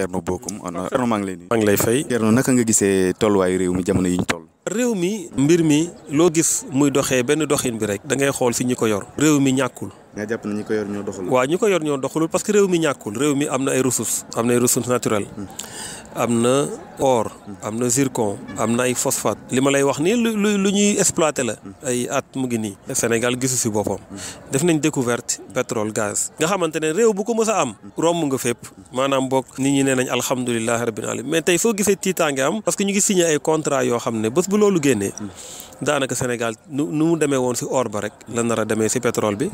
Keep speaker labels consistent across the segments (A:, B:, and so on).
A: Thierno Bocoum Thierno maa ma lay maa ngi lay fay. Thierno naka nga gisee tolluwaayu réew mi jamono yi ñu toll. réew mi mbir mi loo gis muy doxee benn doxin bi rek da ngay xool fi ñu ko yor. réew mi ñàkkul nga jàpp na ñi ko yor ñoo doxalul. waaw ñi ko yor ñoo doxalul parce que réew mi ñàkkul réew mi am na ay ressources am na ay ressources naturelles. Hmm. am na or. Hmm. am na zircon. am na ay phosphate. li ma lay wax nii lu lu lu ñuy exploité la. Hmm. ay at mu ngi nii. Sénégal gisu si boppam. def nañ découverte pétrole gaz. nga xamante ne réew bu ko mës a am. romb nga fépp maanaam bokk nit ñi nee nañ alhamdulilah rabbil alamin mais tey soo gisee tiitaange am. parce que ñu ngi signé ay contrat yoo xam ne bés bu loolu génnee. daanaka Sénégal nu mu demee woon si or ba rek. la nar a si pétrole bi.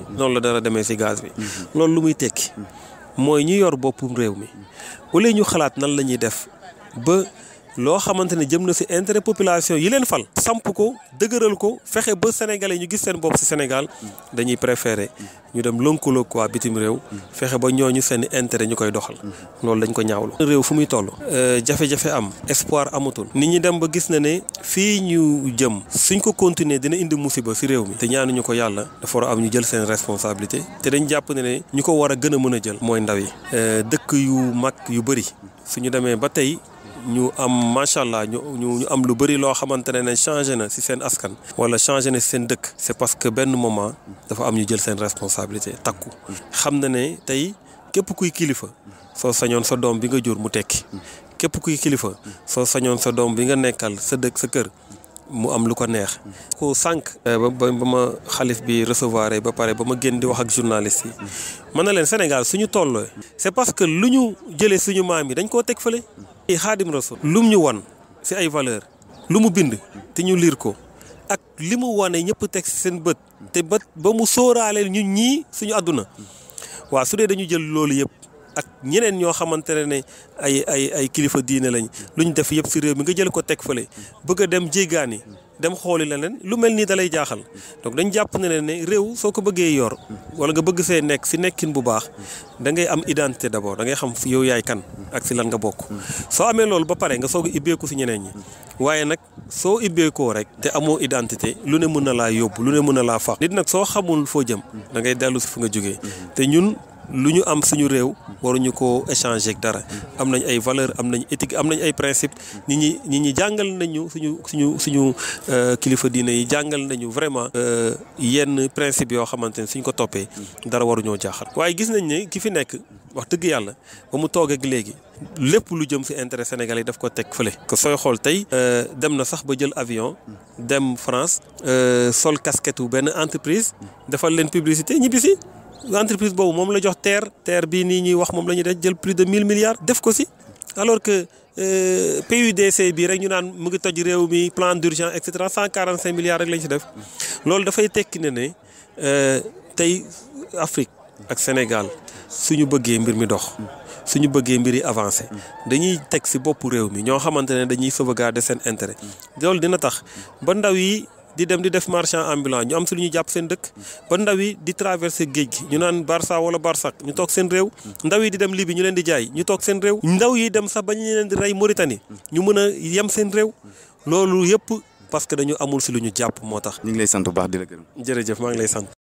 A: dara demee si gaz bi. loolu lu muy tekki. mooy ñu yor boppum réew mi. wala ñu xalaat nan la ñuy def ba. loo xamante ne jëm na si intérêt population yi leen fal. samp ko dëgëral ko fexe ba sénégalais ñu gis seen bopp si Sénégal dañuy préféré ñu dem lëkkaloo ko waa bitim réew. fexe ba ñu seen intérêt ñu koy doxal. loolu dañ ko ñaawlu. réew fu muy toll. Euh, jafe-jafe am. espoir amatul. nit ñu dem ba gis na ne fii ñu jëm. suñ ko continuer dina indi musiba si réew mi. te ñaanuñu ko yàlla dafa war am ñu jël seen responsabilité. te dañ jàpp ne ne ñu ko war a gën a mën a jël. mooy ndaw yi. Euh, dëkk yu mag yu bëri suñu ba tey. ñu am macha allah ñu ñu am lu bëri loo xamante ne changé na si seen askan. wala changé na si seen dëkk. c'est parce que benn moment dafa am ñu jël seen responsabilité takku. xam na ne tey képp kuy kilifa soo sañoon sa doom bi nga jur mu tekki. képp kuy kilifa soo sañoon sa doom bi nga nekkal sa dëkk sa kër. mu am lu ko neex. ko sànq. Eh, ba ba ma xalif bi recevoir ba pare ba ma génn di wax ak journaliste yi. mën na leen Sénégal suñu tolloo. c'est parce que lu ñu jëlee suñu maam yi dañ koo teg fële. i xaadim rasul lum ñu won si ay valeur lu mu bind te ñu liir ko ak li mu wanee ñëpp teg si seen bët te bët ba mu sóoraaleel ñun ñii suñu àdduna waa su dee dañu jël loolu yëpp ak ñeneen ñoo xamante ne ay ay ay kilifa diine lañ lu ñu def yëpp si réew mi nga jël ko teg fële bëgg a dem jéggaani dem xooli leneen lu mel nii dalay jaaxal donc dañ jàpp ne leen ne réew soo ko bëggee yor wala nga bëgg fee nekk si nekkin bu baax dangay am identité d'abord da ngay xam yow yaay kan ak si lan nga bokk soo amee loolu ba pare nga soog ibbeeku si ñeneen ñi waaye nag soo ibbeekoo rek te amoo identité lu ne mun a laa yóbbu lu ne mën a laa fax nit nag soo xamul foo jëm dangay ngay dellu si fu nga jógee te ñun lu ñu am suñu réew waruñu ko échanger ak dara am nañ ay valeur am nañu éthique am nañ ay principe nit ñi nit ñi jàngal nañu suñu suñu suñu euh, kilifa diine yi jàngal nañu vraiment euh, yenn principe yoo xamante ne suñ ko toppee dara waruñoo jaaxal waaye gis nañ ne ki fi nekk wax dëgg yàlla ba mu toog léegi lépp lu jëm ci intérêt Sénégal yi daf ko teg fële que sooy xool tey euh, dem na sax ba jël avion dem France sol casquette wu benn entreprise defal leen publicité ñibbisi entreprise boobu moom la jox terre terre bii nii ñuy wax moom la ñuy def jël plus de mille milliards def ko si alors que euh, PUDC bi rek ñu naan mu ngi toj réew mi plan d'urgence et cetera cent quarante cinq milliards rek lañ ci def loolu dafay tekki ne ne euh, tey Afrique ak Sénégal suñu bëggee mbir mi dox suñu bëggee mbir yi avancé dañuy teg si bopp réew mi ñoo xamante ne dañuy sauvegarder seen intérêt loolu dina tax ba ndaw yi di dem di def marchand ambulant ñu am si lu ñu jàpp seen dëkk ba ndaw yi di traverser géej gi ñu naan Barça wala Barsak ñu toog seen réew ndaw yi di dem Libye ñu leen di jaay ñu toog seen réew ndaw yi dem sax ba ñu leen di rey moritani ñu mën a yem seen réew loolu yëpp parce que dañu amul si lu ñu jàpp moo tax. ñu ngi lay sant baax di la gërëm. jërëjëf maa ngi lay sant.